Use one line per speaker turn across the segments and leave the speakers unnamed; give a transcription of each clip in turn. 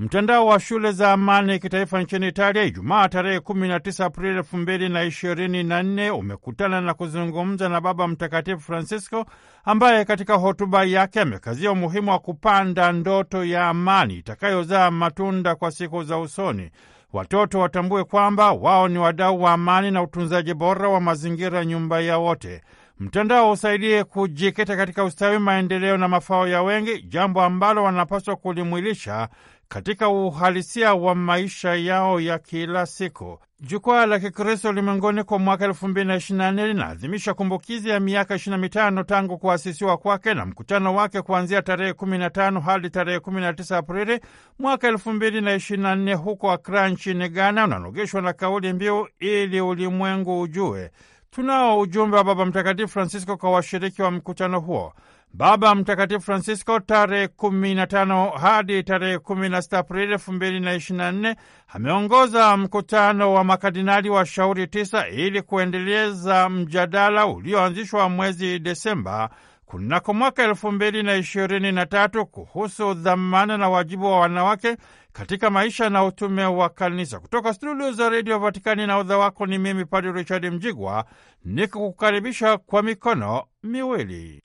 Mtandao wa shule za amani kitaifa nchini Italia Ijumaa tarehe 19 Aprili 2024 umekutana na kuzungumza na Baba Mtakatifu Francisco ambaye katika hotuba yake amekazia umuhimu wa kupanda ndoto ya amani itakayozaa matunda kwa siku za usoni. Watoto watambue kwamba wao ni wadau wa amani na utunzaji bora wa mazingira, nyumba ya wote. Mtandao usaidie kujikita katika ustawi, maendeleo na mafao ya wengi, jambo ambalo wanapaswa kulimwilisha katika uhalisia wa maisha yao ya kila siku. Jukwaa la Kikristo ulimwenguni kwa mwaka elfu mbili na ishirini na nne linaadhimisha kumbukizi ya miaka ishirini na mitano tangu kuasisiwa kwake na mkutano wake kuanzia tarehe kumi na tano hadi tarehe kumi na tisa Aprili mwaka elfu mbili na ishirini na nne huko Akra nchini Ghana, unanogeshwa na kauli mbiu ili ulimwengu ujue. Tunao ujumbe wa Baba Mtakatifu Francisco kwa washiriki wa mkutano huo. Baba Mtakatifu Francisco tarehe 15 hadi tarehe 16 Aprili 2024 ameongoza mkutano wa makardinali wa shauri tisa ili kuendeleza mjadala ulioanzishwa mwezi Desemba kunako mwaka elfu mbili na ishirini na tatu kuhusu dhamana na wajibu wa wanawake katika maisha na utume wa kanisa. Kutoka studio za redio Vatikani na udha wako ni mimi Padre Richard Mjigwa ni kukukaribisha kwa mikono miwili.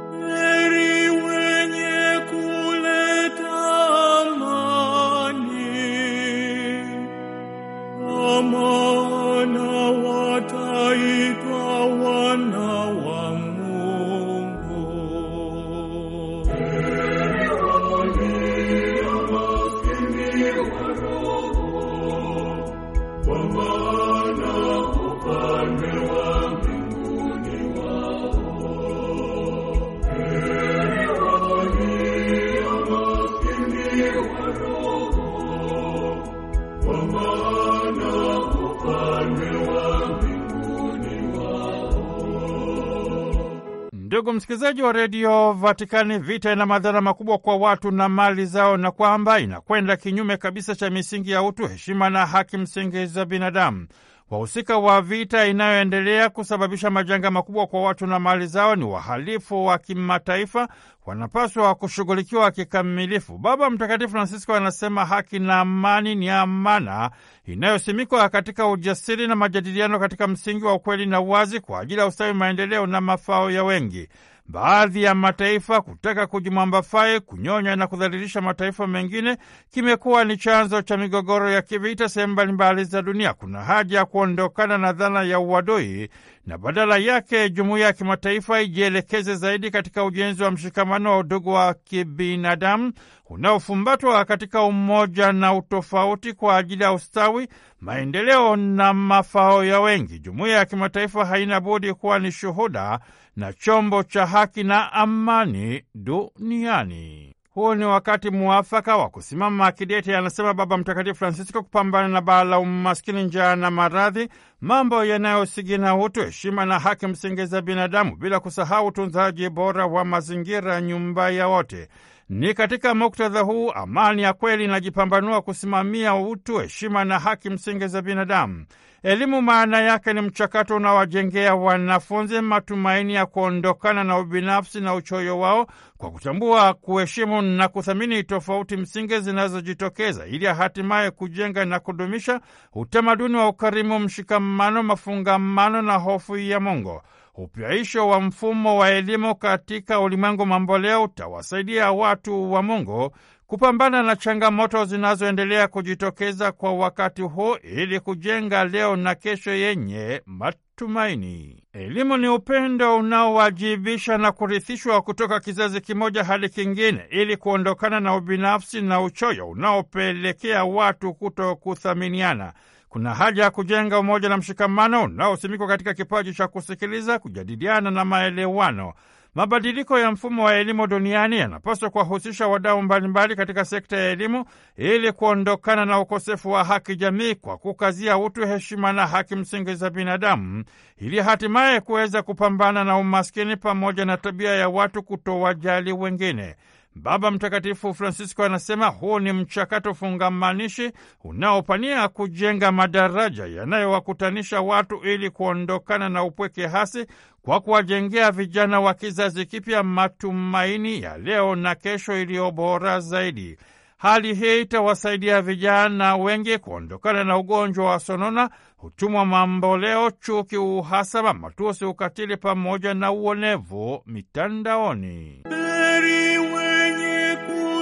Ndugu msikilizaji wa redio Vatikani, vita ina madhara makubwa kwa watu na mali zao, na kwamba inakwenda kinyume kabisa cha misingi ya utu, heshima na haki msingi za binadamu. Wahusika wa vita inayoendelea kusababisha majanga makubwa kwa watu na mali zao ni wahalifu wa kimataifa, wanapaswa kushughulikiwa kikamilifu. Baba Mtakatifu Francisco anasema haki na amani ni amana inayosimikwa katika ujasiri na majadiliano katika msingi wa ukweli na uwazi kwa ajili ya ustawi, maendeleo na mafao ya wengi baadhi ya mataifa kutaka kujimwambafai, kunyonya na kudhalilisha mataifa mengine kimekuwa ni chanzo cha migogoro ya kivita sehemu mbalimbali za dunia. Kuna haja ya kuondokana na dhana ya uadui na badala yake jumuiya ya kimataifa ijielekeze zaidi katika ujenzi wa mshikamano wa udugu wa kibinadamu unaofumbatwa katika umoja na utofauti kwa ajili ya ustawi, maendeleo na mafao ya wengi. Jumuiya ya kimataifa haina budi kuwa ni shuhuda na chombo cha haki na amani duniani. Huu ni wakati mwafaka wa kusimama kidete, anasema Baba Mtakatifu Francisco, kupambana na baa la umaskini, njaa na maradhi, mambo yanayosigina utu, heshima na haki msingi za binadamu, bila kusahau utunzaji bora wa mazingira, nyumba ya wote. Ni katika muktadha huu amani ya kweli inajipambanua kusimamia utu, heshima na haki msingi za binadamu. Elimu maana yake ni mchakato unaowajengea wanafunzi matumaini ya kuondokana na ubinafsi na uchoyo wao kwa kutambua, kuheshimu na kuthamini tofauti msingi zinazojitokeza ili hatimaye kujenga na kudumisha utamaduni wa ukarimu, mshikamano, mafungamano na hofu ya Mungu. Upyaisho wa mfumo wa elimu katika ulimwengu mamboleo utawasaidia watu wa Mungu kupambana na changamoto zinazoendelea kujitokeza kwa wakati huu ili kujenga leo na kesho yenye matumaini. Elimu ni upendo unaowajibisha na kurithishwa kutoka kizazi kimoja hadi kingine ili kuondokana na ubinafsi na uchoyo unaopelekea watu kuto kuthaminiana. Kuna haja ya kujenga umoja na mshikamano unaosimikwa katika kipaji cha kusikiliza, kujadiliana na maelewano. Mabadiliko ya mfumo wa elimu duniani yanapaswa kuwahusisha wadau mbalimbali katika sekta ya elimu ili kuondokana na ukosefu wa haki jamii kwa kukazia utu, heshima na haki msingi za binadamu ili hatimaye kuweza kupambana na umaskini pamoja na tabia ya watu kutowajali wengine. Baba Mtakatifu Francisco anasema huu ni mchakato fungamanishi unaopania kujenga madaraja yanayowakutanisha watu ili kuondokana na upweke hasi kwa kuwajengea vijana wa kizazi kipya matumaini ya leo na kesho iliyo bora zaidi. Hali hii itawasaidia vijana wengi kuondokana na ugonjwa wa sonona, utumwa mamboleo, chuki, uhasama, matusi, ukatili pamoja na uonevu mitandaoni.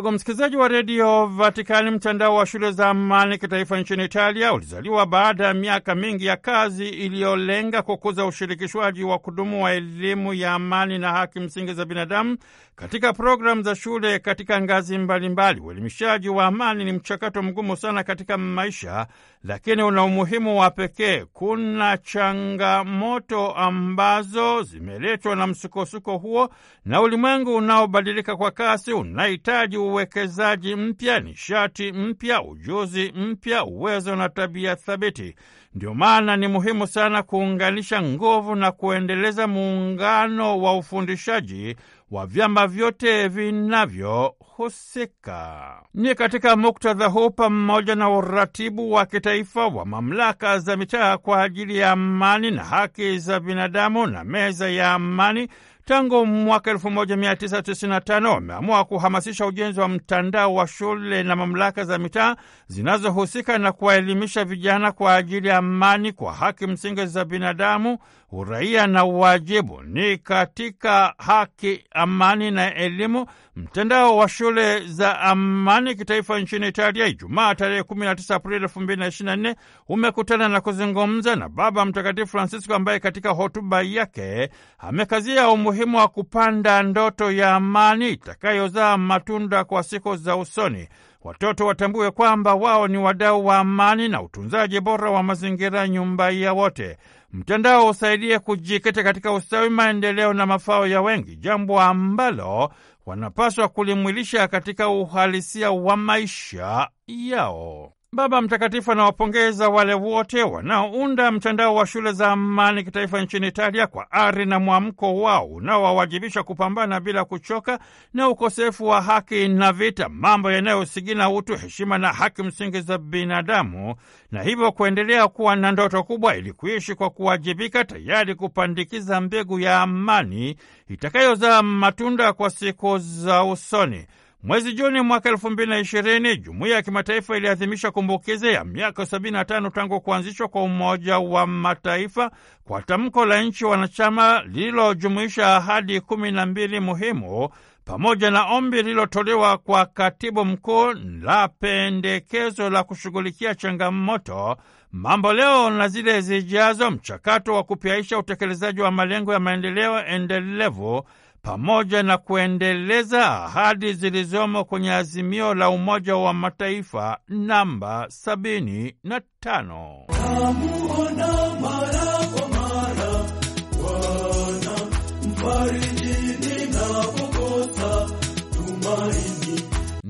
Ndugu msikilizaji wa redio Vatikani, mtandao wa shule za amani kitaifa nchini Italia ulizaliwa baada ya miaka mingi ya kazi iliyolenga kukuza ushirikishwaji wa kudumu wa elimu ya amani na haki msingi za binadamu katika programu za shule katika ngazi mbalimbali. Uelimishaji wa amani ni mchakato mgumu sana katika maisha, lakini una umuhimu wa pekee. Kuna changamoto ambazo zimeletwa na msukosuko huo na ulimwengu unaobadilika kwa kasi unahitaji uwekezaji mpya, nishati mpya, ujuzi mpya, uwezo na tabia thabiti. Ndio maana ni muhimu sana kuunganisha nguvu na kuendeleza muungano wa ufundishaji wa vyama vyote vinavyo husika Ni katika muktadha huu, pamoja na uratibu wa kitaifa wa mamlaka za mitaa kwa ajili ya amani na haki za binadamu na meza ya amani tangu mwaka 1995 wameamua kuhamasisha ujenzi wa mtandao wa shule na mamlaka za mitaa zinazohusika na kuwaelimisha vijana kwa ajili ya amani, kwa haki msingi za binadamu uraia na uwajibu ni katika haki, amani na elimu. Mtandao wa shule za amani kitaifa nchini Italia Ijumaa tarehe 19 Aprili 2024 umekutana na kuzungumza na Baba Mtakatifu Francisco ambaye katika hotuba yake amekazia umuhimu wa kupanda ndoto ya amani itakayozaa matunda kwa siku za usoni. Watoto watambue kwamba wao ni wadau wa amani na utunzaji bora wa mazingira, nyumba ya wote. Mtandao usaidie kujikita katika ustawi, maendeleo na mafao ya wengi, jambo ambalo wanapaswa kulimwilisha katika uhalisia wa maisha yao. Baba Mtakatifu anawapongeza wale wote wanaounda mtandao wa shule za amani kitaifa nchini Italia kwa ari na mwamko wao unaowawajibisha kupambana bila kuchoka na ukosefu wa haki na vita, mambo yanayosigina utu, heshima na haki msingi za binadamu, na hivyo kuendelea kuwa na ndoto kubwa ili kuishi kwa kuwajibika, tayari kupandikiza mbegu ya amani itakayozaa matunda kwa siku za usoni. Mwezi Juni mwaka elfu mbili na ishirini jumuiya ya kimataifa iliadhimisha kumbukizi ya miaka 75 tangu kuanzishwa kwa Umoja wa Mataifa kwa tamko la nchi wanachama lililojumuisha ahadi kumi na mbili muhimu pamoja na ombi lililotolewa kwa katibu mkuu la pendekezo la kushughulikia changamoto mambo leo na zile zijazo, mchakato wa kupiaisha utekelezaji wa malengo ya maendeleo endelevu pamoja na kuendeleza ahadi zilizomo kwenye azimio la Umoja wa Mataifa namba sabini na tano.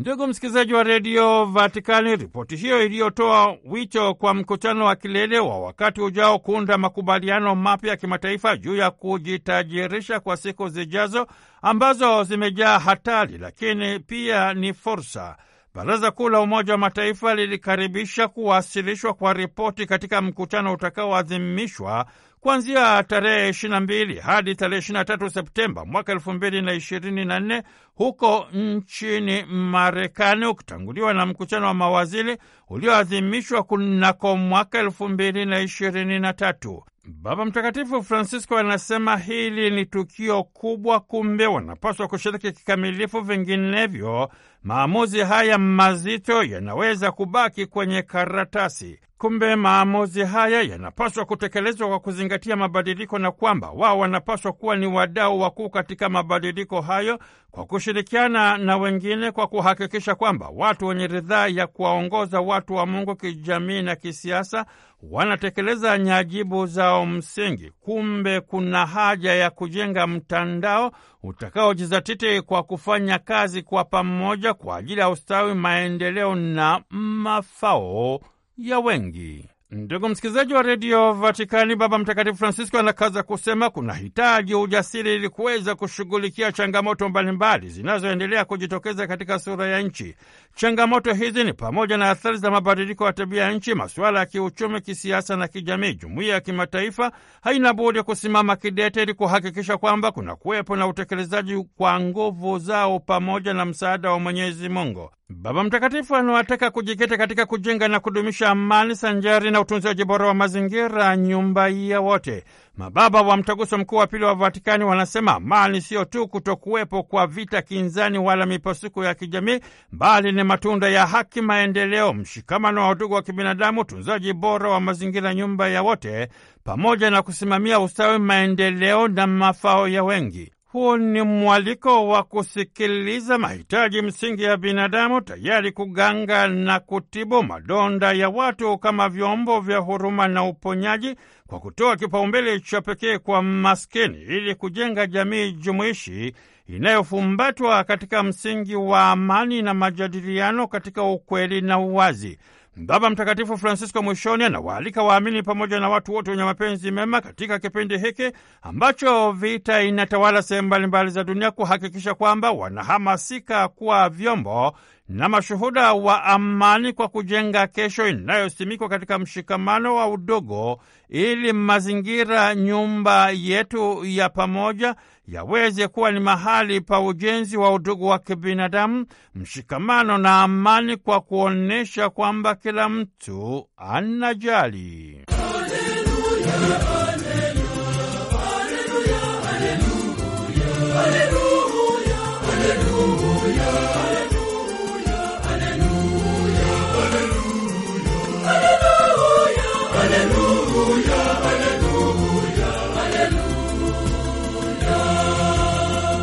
Ndugu msikilizaji wa redio Vatikani, ripoti hiyo iliyotoa wicho kwa mkutano wa kilele wa wakati ujao kuunda makubaliano mapya ya kimataifa juu ya kujitajirisha kwa siku zijazo ambazo zimejaa hatari, lakini pia ni fursa. Baraza Kuu la Umoja wa Mataifa lilikaribisha kuwasilishwa kwa ripoti katika mkutano utakaoadhimishwa kuanzia tarehe 22 hadi tarehe 23 Septemba mwaka 2024 huko nchini Marekani, ukitanguliwa na mkutano wa mawaziri ulioadhimishwa kunako mwaka 2023. Baba Mtakatifu Francisco anasema hili ni tukio kubwa, kumbe wanapaswa kushiriki kikamilifu, vinginevyo maamuzi haya mazito yanaweza kubaki kwenye karatasi. Kumbe maamuzi haya yanapaswa kutekelezwa kwa kuzingatia mabadiliko na kwamba wao wanapaswa kuwa ni wadau wakuu katika mabadiliko hayo kwa kushirikiana na wengine kwa kuhakikisha kwamba watu wenye ridhaa ya kuwaongoza watu wa Mungu kijamii na kisiasa wanatekeleza nyajibu zao msingi. Kumbe kuna haja ya kujenga mtandao utakaojizatiti kwa kufanya kazi kwa pamoja kwa ajili ya ustawi, maendeleo na mafao ya wengi. Ndugu msikilizaji wa redio Vatikani, Baba Mtakatifu Francisco anakaza kusema kuna hitaji ujasiri ili kuweza kushughulikia changamoto mbalimbali zinazoendelea kujitokeza katika sura ya nchi. Changamoto hizi ni pamoja na athari za mabadiliko ya tabia ya nchi, masuala ya kiuchumi, kisiasa na kijamii. Jumuiya ya kimataifa haina budi kusimama kidete ili kuhakikisha kwamba kuna kuwepo na utekelezaji kwa nguvu zao pamoja na msaada wa Mwenyezi Mungu. Baba Mtakatifu anawataka kujikita katika kujenga na kudumisha amani sanjari na na utunzaji bora wa mazingira, nyumba ya wote. Mababa wa Mtaguso Mkuu wa Pili wa Vatikani wanasema mali sio tu kutokuwepo kwa vita, kinzani wala mipasuko ya kijamii, bali ni matunda ya haki, maendeleo, mshikamano wa udugu wa kibinadamu, utunzaji bora wa mazingira, nyumba ya wote, pamoja na kusimamia ustawi, maendeleo na mafao ya wengi. Huu ni mwaliko wa kusikiliza mahitaji msingi ya binadamu, tayari kuganga na kutibu madonda ya watu kama vyombo vya huruma na uponyaji, kwa kutoa kipaumbele cha pekee kwa maskini, ili kujenga jamii jumuishi inayofumbatwa katika msingi wa amani na majadiliano katika ukweli na uwazi. Baba Mtakatifu Francisco mwishoni anawaalika waamini pamoja na watu wote wenye mapenzi mema katika kipindi hiki ambacho vita inatawala sehemu mbalimbali za dunia kuhakikisha kwamba wanahamasika kuwa vyombo na mashuhuda wa amani kwa kujenga kesho inayosimikwa katika mshikamano wa udogo ili mazingira nyumba yetu ya pamoja yaweze kuwa ni mahali pa ujenzi wa udugu wa kibinadamu, mshikamano na amani, kwa kuonyesha kwamba kila mtu anajali. Haleluya!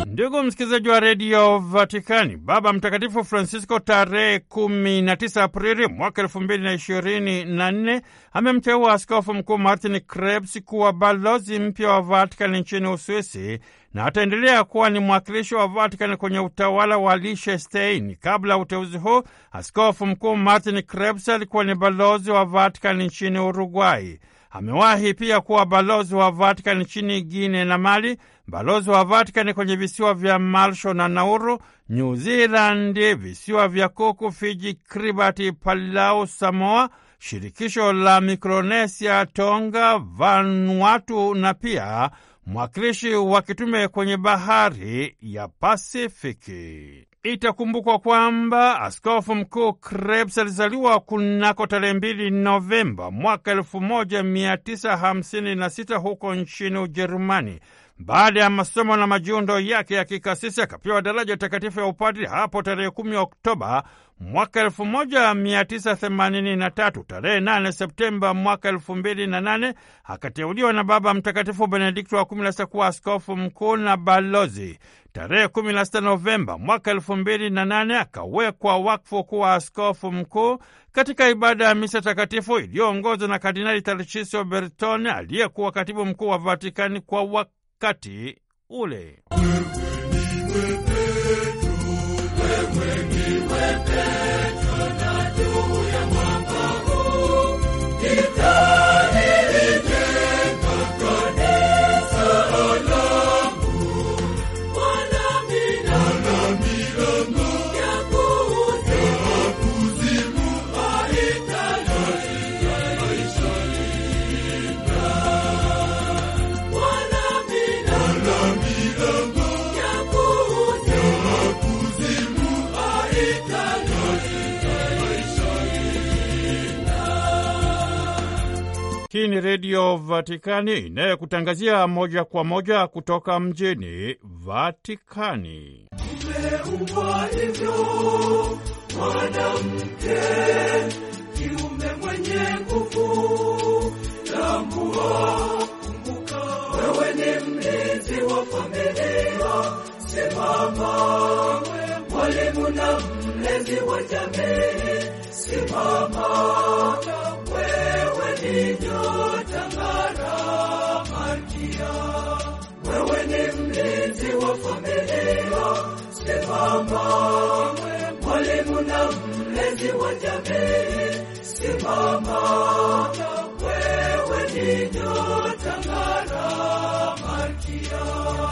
Ndugu msikilizaji wa redio Vatikani, Baba Mtakatifu Francisco tarehe 19 Aprili mwaka 224 amemteua askofu mkuu Martin Krebs kuwa balozi mpya wa Vatikani nchini Uswisi na ataendelea kuwa ni mwakilishi wa Vatikani kwenye utawala wa Lichestein. Kabla ya uteuzi huu, askofu mkuu Martin Krebs alikuwa ni balozi wa Vatikani nchini Uruguai. Amewahi pia kuwa balozi wa Vatikani nchini Guine na Mali, balozi wa Vatikani kwenye visiwa vya marsho na Nauru, New Zealandi, visiwa vya Kuku, Fiji, kribati Palau, Samoa, shirikisho la Mikronesia, Tonga, Vanuatu na pia mwakilishi wa kitume kwenye bahari ya Pasifiki. Itakumbukwa kwamba askofu mkuu Krebs alizaliwa kunako tarehe mbili Novemba mwaka elfu moja mia tisa hamsini na sita huko nchini Ujerumani. Baada ya masomo na majiundo yake ya kikasisi akapewa daraja takatifu ya upadri hapo tarehe kumi Oktoba mwaka 1983. Tarehe 8 Septemba mwaka elfu akateuliwa na Baba Mtakatifu Benedikto wa kumi kuwa askofu mkuu na balozi. Tarehe 16 Novemba mwaka elfu akawekwa wakfu kuwa askofu mkuu katika ibada ya misa takatifu iliyoongozwa na Kardinali Tarchisio Bertone aliyekuwa katibu mkuu wa Vatikani kwa wak wakati ule. Hii ni Redio Vatikani inayekutangazia moja kwa moja kutoka mjini Vatikani.
Umeumbwa hivyo mwanamke, kiume mwenye nguvu, tambua, kumbuka, wewe ni mlinzi wa familia. Simama, mwalimu na mlezi wa jamii, simama ulivyotang'ara Malkia, wewe ni mlinzi wa familia simama, mwalimu na mlezi wa jamii simama, wewe ni nyota
Malkia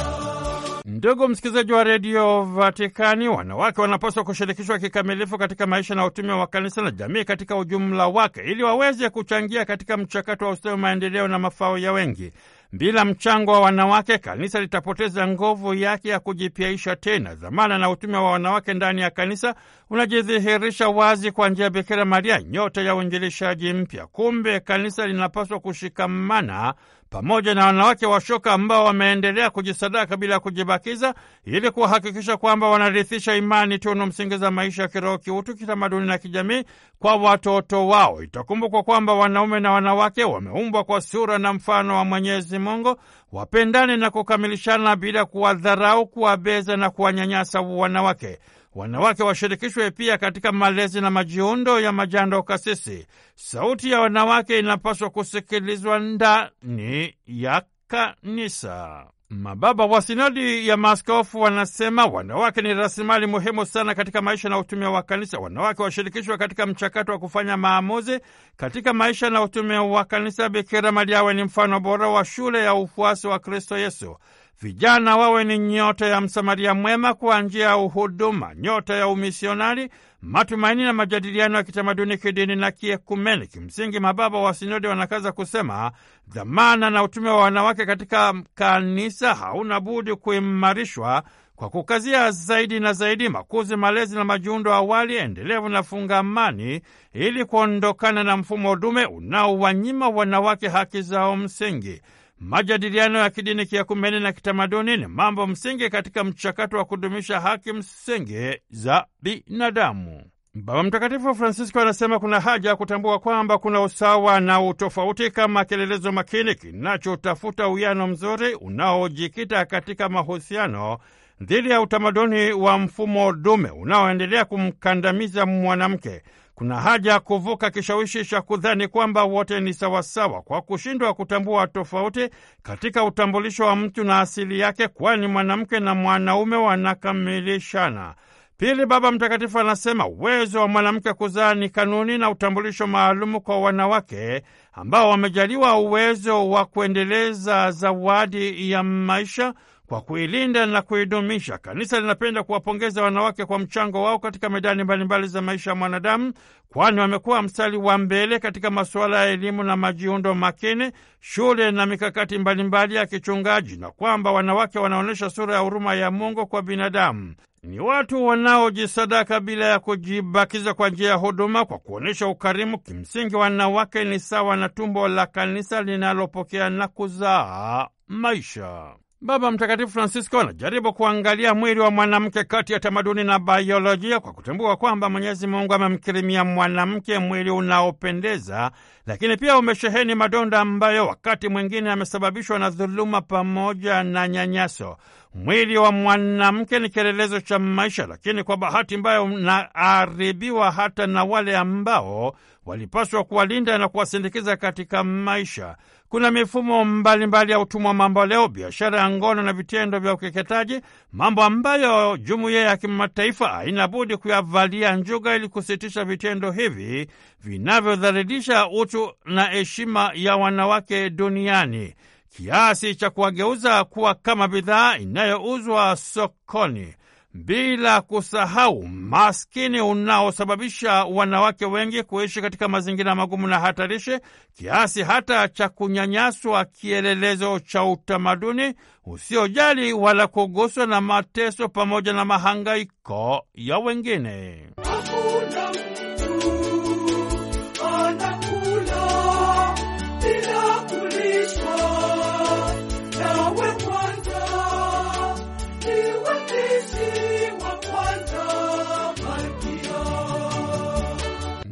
Ndugu msikilizaji wa redio Vatikani, wanawake wanapaswa kushirikishwa kikamilifu katika maisha na utume wa kanisa na jamii katika ujumla wake, ili waweze kuchangia katika mchakato wa ustawi, maendeleo na mafao ya wengi. Bila mchango wa wanawake, kanisa litapoteza nguvu yake ya kujipiaisha tena. Dhamana na utume wa wanawake ndani ya kanisa unajidhihirisha wazi kwa njia ya Bikira Maria, nyota ya uinjilishaji mpya. Kumbe kanisa linapaswa kushikamana pamoja na wanawake washoka ambao wameendelea kujisadaka bila kujibakiza, ili kuhakikisha kwamba wanarithisha imani, tunu msingi za maisha ya kiroho, kiutu, kitamaduni na kijamii kwa watoto wao. Itakumbukwa kwamba wanaume na wanawake wameumbwa kwa sura na mfano wa Mwenyezi Mungu, wapendane na kukamilishana bila kuwadharau, kuwabeza na kuwanyanyasa wanawake. Wanawake washirikishwe pia katika malezi na majiundo ya majando kasisi. Sauti ya wanawake inapaswa kusikilizwa ndani ya kanisa. Mababa wa sinodi ya maaskofu wanasema wanawake ni rasilimali muhimu sana katika maisha na utume wa kanisa. Wanawake washirikishwa katika mchakato wa kufanya maamuzi katika maisha na utume wa kanisa. Bikira Maria awe ni mfano bora wa shule ya ufuasi wa Kristo Yesu. Vijana wawe ni nyota ya msamaria mwema kwa njia ya uhuduma, nyota ya umisionari, matumaini na majadiliano ya kitamaduni, kidini na kiekumeni. Kimsingi, mababa wa sinodi wanakaza kusema dhamana na utume wa wanawake katika kanisa hauna budi kuimarishwa kwa kukazia zaidi na zaidi makuzi, malezi na majiundo awali endelevu na fungamani, ili kuondokana na mfumo dume unaowanyima wanawake haki zao msingi. Majadiliano ya kidini, kiakumeni na kitamaduni ni mambo msingi katika mchakato wa kudumisha haki msingi za binadamu. Baba Mtakatifu Francisco anasema kuna haja ya kutambua kwamba kuna usawa na utofauti kama kielelezo makini kinachotafuta uwiano mzuri unaojikita katika mahusiano dhidi ya utamaduni wa mfumo dume unaoendelea kumkandamiza mwanamke. Kuna haja ya kuvuka kishawishi cha kudhani kwamba wote ni sawasawa kwa kushindwa kutambua tofauti katika utambulisho wa mtu na asili yake, kwani mwanamke na mwanaume wanakamilishana. Pili, Baba Mtakatifu anasema uwezo wa mwanamke kuzaa ni kanuni na utambulisho maalumu kwa wanawake ambao wamejaliwa uwezo wa kuendeleza zawadi ya maisha kwa kuilinda na kuidumisha. Kanisa linapenda kuwapongeza wanawake kwa mchango wao katika medani mbalimbali za maisha ya mwanadamu, kwani wamekuwa mstari wa mbele katika masuala ya elimu na majiundo makini, shule na mikakati mbalimbali ya kichungaji, na kwamba wanawake wanaonyesha sura ya huruma ya Mungu kwa binadamu. Ni watu wanaojisadaka bila ya kujibakiza kwa njia ya huduma, kwa kuonyesha ukarimu. Kimsingi, wanawake ni sawa na tumbo la kanisa linalopokea na kuzaa maisha. Baba Mtakatifu Francisco anajaribu kuangalia mwili wa mwanamke kati ya tamaduni na biolojia kwa kutambua kwamba Mwenyezi Mungu amemkirimia mwanamke mwili unaopendeza, lakini pia umesheheni madonda ambayo wakati mwingine yamesababishwa na dhuluma pamoja na nyanyaso. Mwili wa mwanamke ni kielelezo cha maisha, lakini kwa bahati mbaya unaharibiwa hata na wale ambao walipaswa kuwalinda na kuwasindikiza katika maisha. Kuna mifumo mbalimbali mbali ya utumwa mamboleo, biashara ya ngono na vitendo vya ukeketaji, mambo ambayo jumuiya ya kimataifa haina budi kuyavalia njuga ili kusitisha vitendo hivi vinavyodhalilisha utu na heshima ya wanawake duniani kiasi cha kuwageuza kuwa kama bidhaa inayouzwa sokoni, bila kusahau maskini unaosababisha wanawake wengi kuishi katika mazingira magumu na hatarishi kiasi hata cha kunyanyaswa, kielelezo cha utamaduni usiojali wala kuguswa na mateso pamoja na mahangaiko ya wengine.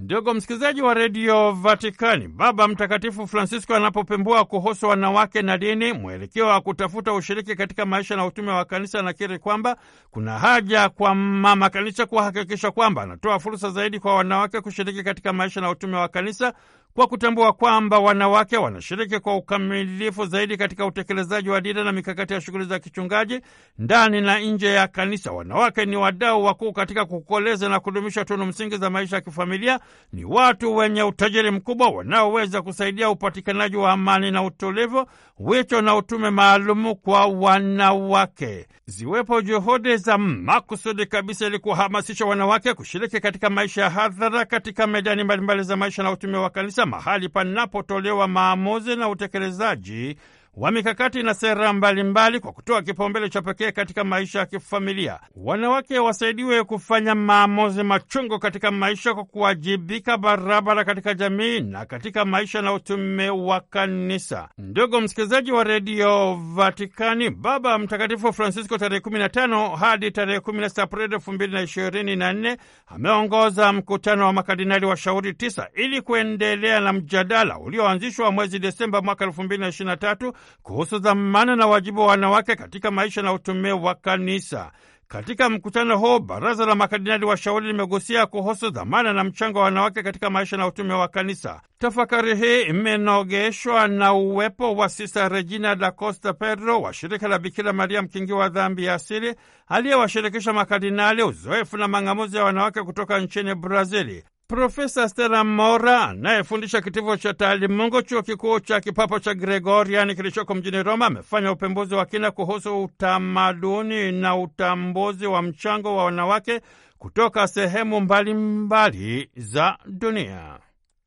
Ndugu msikilizaji wa redio Vatikani, Baba Mtakatifu Francisco anapopembua kuhusu wanawake na dini, mwelekeo wa kutafuta ushiriki katika maisha na utume wa kanisa, anakiri kwamba kuna haja kwa mama kanisa kuhakikisha kwamba anatoa fursa zaidi kwa wanawake kushiriki katika maisha na utume wa kanisa kwa kutambua kwamba wanawake wanashiriki kwa ukamilifu zaidi katika utekelezaji wa dira na mikakati ya shughuli za kichungaji ndani na nje ya kanisa. Wanawake ni wadau wakuu katika kukoleza na kudumisha tunu msingi za maisha ya kifamilia. Ni watu wenye utajiri mkubwa wanaoweza kusaidia upatikanaji wa amani na utulivu. Wito na utume maalumu kwa wanawake, ziwepo juhudi za makusudi kabisa ili kuhamasisha wanawake kushiriki katika maisha ya hadhara katika medani mbalimbali za maisha na utume wa kanisa mahali panapotolewa maamuzi na utekelezaji wa mikakati na sera mbalimbali mbali, kwa kutoa kipaumbele cha pekee katika maisha ya kifamilia. Wanawake wasaidiwe kufanya maamuzi machungu katika maisha kwa kuwajibika barabara katika jamii na katika maisha na utume wa kanisa. Ndugu msikilizaji wa redio Vatikani, Baba Mtakatifu Francisco tarehe 15 hadi tarehe 16 Aprili 2024 ameongoza mkutano wa makardinali shauri tisa ili kuendelea na mjadala ulioanzishwa mwezi Desemba mwaka 2023 kuhusu dhamana na wajibu wa wanawake katika maisha na utume wa kanisa. Katika mkutano huo, baraza la makardinali washauri limegusia kuhusu dhamana na mchango wa wanawake katika maisha na utume wa kanisa. Tafakari hii imenogeshwa na uwepo wa Sista Regina da Costa Pedro wa shirika la Bikira Maria mkingi wa dhambi ya asili, aliyewashirikisha makardinali uzoefu na mang'amuzi ya wanawake kutoka nchini Brazili. Profesa Stella Mora anayefundisha kitivo cha taalimungu chuo kikuu cha kipapa cha Gregorian kilichoko mjini Roma amefanya upembuzi wa kina kuhusu utamaduni na utambuzi wa mchango wa wanawake kutoka sehemu mbalimbali mbali za dunia.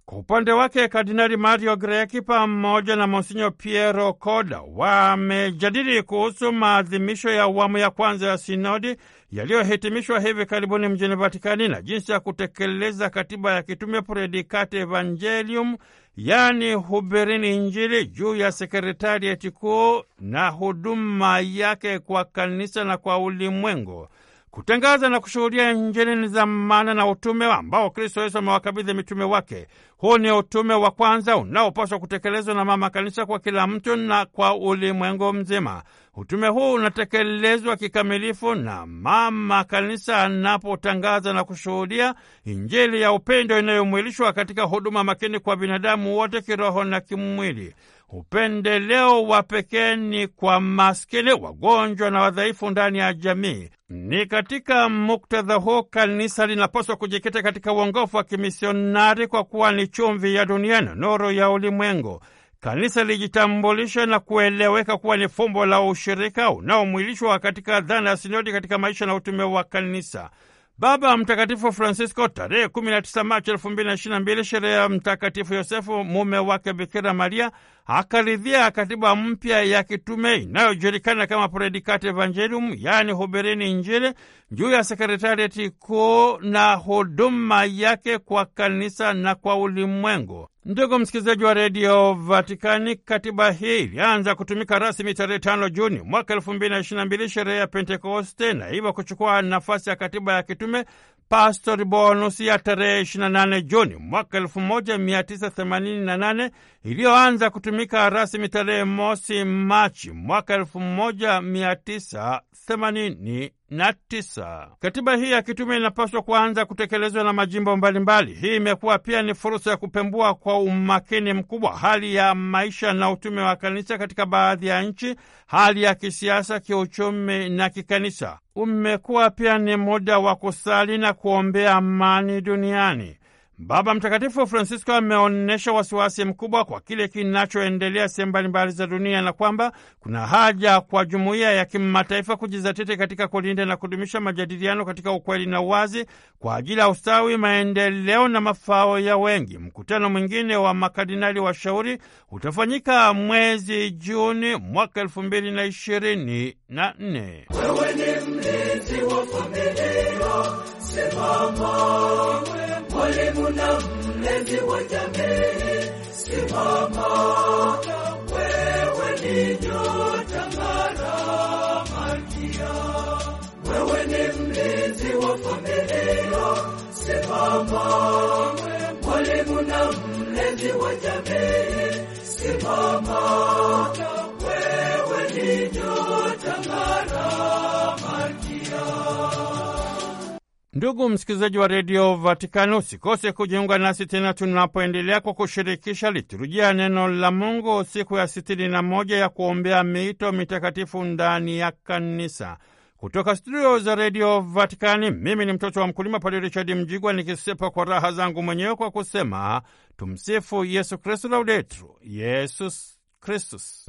Kwa upande wake Kardinali Mario Greki pamoja na Monsinyo Piero Koda wamejadili kuhusu maadhimisho ya awamu ya kwanza ya sinodi yaliyohitimishwa hivi karibuni mjini Vatikani na jinsi ya kutekeleza katiba ya kitume Predikate Evangelium, yaani hubirini Injili, juu ya sekretarieti kuu na huduma yake kwa kanisa na kwa ulimwengu kutangaza na kushuhudia Injili ni dhamana na utume ambao Kristo Yesu amewakabidhi mitume wake. Huu ni utume wa kwanza unaopaswa kutekelezwa na mama kanisa kwa kila mtu na kwa ulimwengu mzima. Utume huu unatekelezwa kikamilifu na mama kanisa anapotangaza na kushuhudia Injili ya upendo inayomwilishwa katika huduma makini kwa binadamu wote, kiroho na kimwili upendeleo wa pekee ni kwa maskini, wagonjwa na wadhaifu ndani ya jamii. Ni katika muktadha huu kanisa linapaswa kujikita katika uongofu wa kimisionari kwa kuwa ni chumvi ya dunia na nuru ya ulimwengu. Kanisa lijitambulisha na kueleweka kuwa ni fumbo la ushirika unaomwilishwa katika dhana ya sinodi katika maisha na utume wa kanisa. Baba Mtakatifu Francisco tarehe 19 Machi 2022, sherehe ya Mtakatifu Yosefu mume wake Bikira Maria akaridhia katiba mpya ya kitume inayojulikana kama predikati Evangelium, yaani hubirini Injili, juu ya sekretarieti kuu na huduma yake kwa kanisa na kwa ulimwengu. Ndugu msikilizaji wa redio Vatikani, katiba hii ilianza kutumika rasmi tarehe tano Juni mwaka elfu mbili na ishirini na mbili, sherehe ya Pentekoste, na hivyo kuchukua nafasi ya katiba ya kitume Pastori Bonus ya tarehe nane Juni mwaka elfu moja mia tisa themanini na nane iliyoanza kutumika rasmi tarehe mosi Machi mwaka elfu moja mia themanini na tisa. Katiba hii ya kitume inapaswa kuanza kutekelezwa na majimbo mbalimbali. Hii imekuwa pia ni fursa ya kupembua kwa umakini mkubwa hali ya maisha na utume wa kanisa katika baadhi ya nchi, hali ya kisiasa, kiuchumi na kikanisa. Umekuwa pia ni muda wa kusali na kuombea amani duniani. Baba Mtakatifu Francisco ameonyesha wasiwasi mkubwa kwa kile kinachoendelea sehemu mbalimbali za dunia na kwamba kuna haja kwa jumuiya ya kimataifa kujizatiti katika kulinda na kudumisha majadiliano katika ukweli na uwazi kwa ajili ya ustawi, maendeleo na mafao ya wengi. Mkutano mwingine wa makardinali washauri utafanyika mwezi Juni mwaka elfu mbili na ishirini na nne. Wewe ni mlinzi wa familia simama mwalimu na mlezi wa jamii. Simama, wewe ni nyota ng'ara,
Malkia, wewe ni mlinzi wa familia. Simama, mwalimu na mlezi wa jamii. Simama
Ndugu msikilizaji wa redio Vatikani, usikose kujiunga nasi tena tunapoendelea kwa kushirikisha liturujia neno la Mungu, siku ya sitini na moja ya kuombea miito mitakatifu ndani ya kanisa. Kutoka studio za redio Vatikani, mimi ni mtoto wa mkulima Padre Richard Mjigwa, nikisepa kwa raha zangu mwenyewe kwa kusema tumsifu Yesu Kristu, laudetru Yesus Kristus.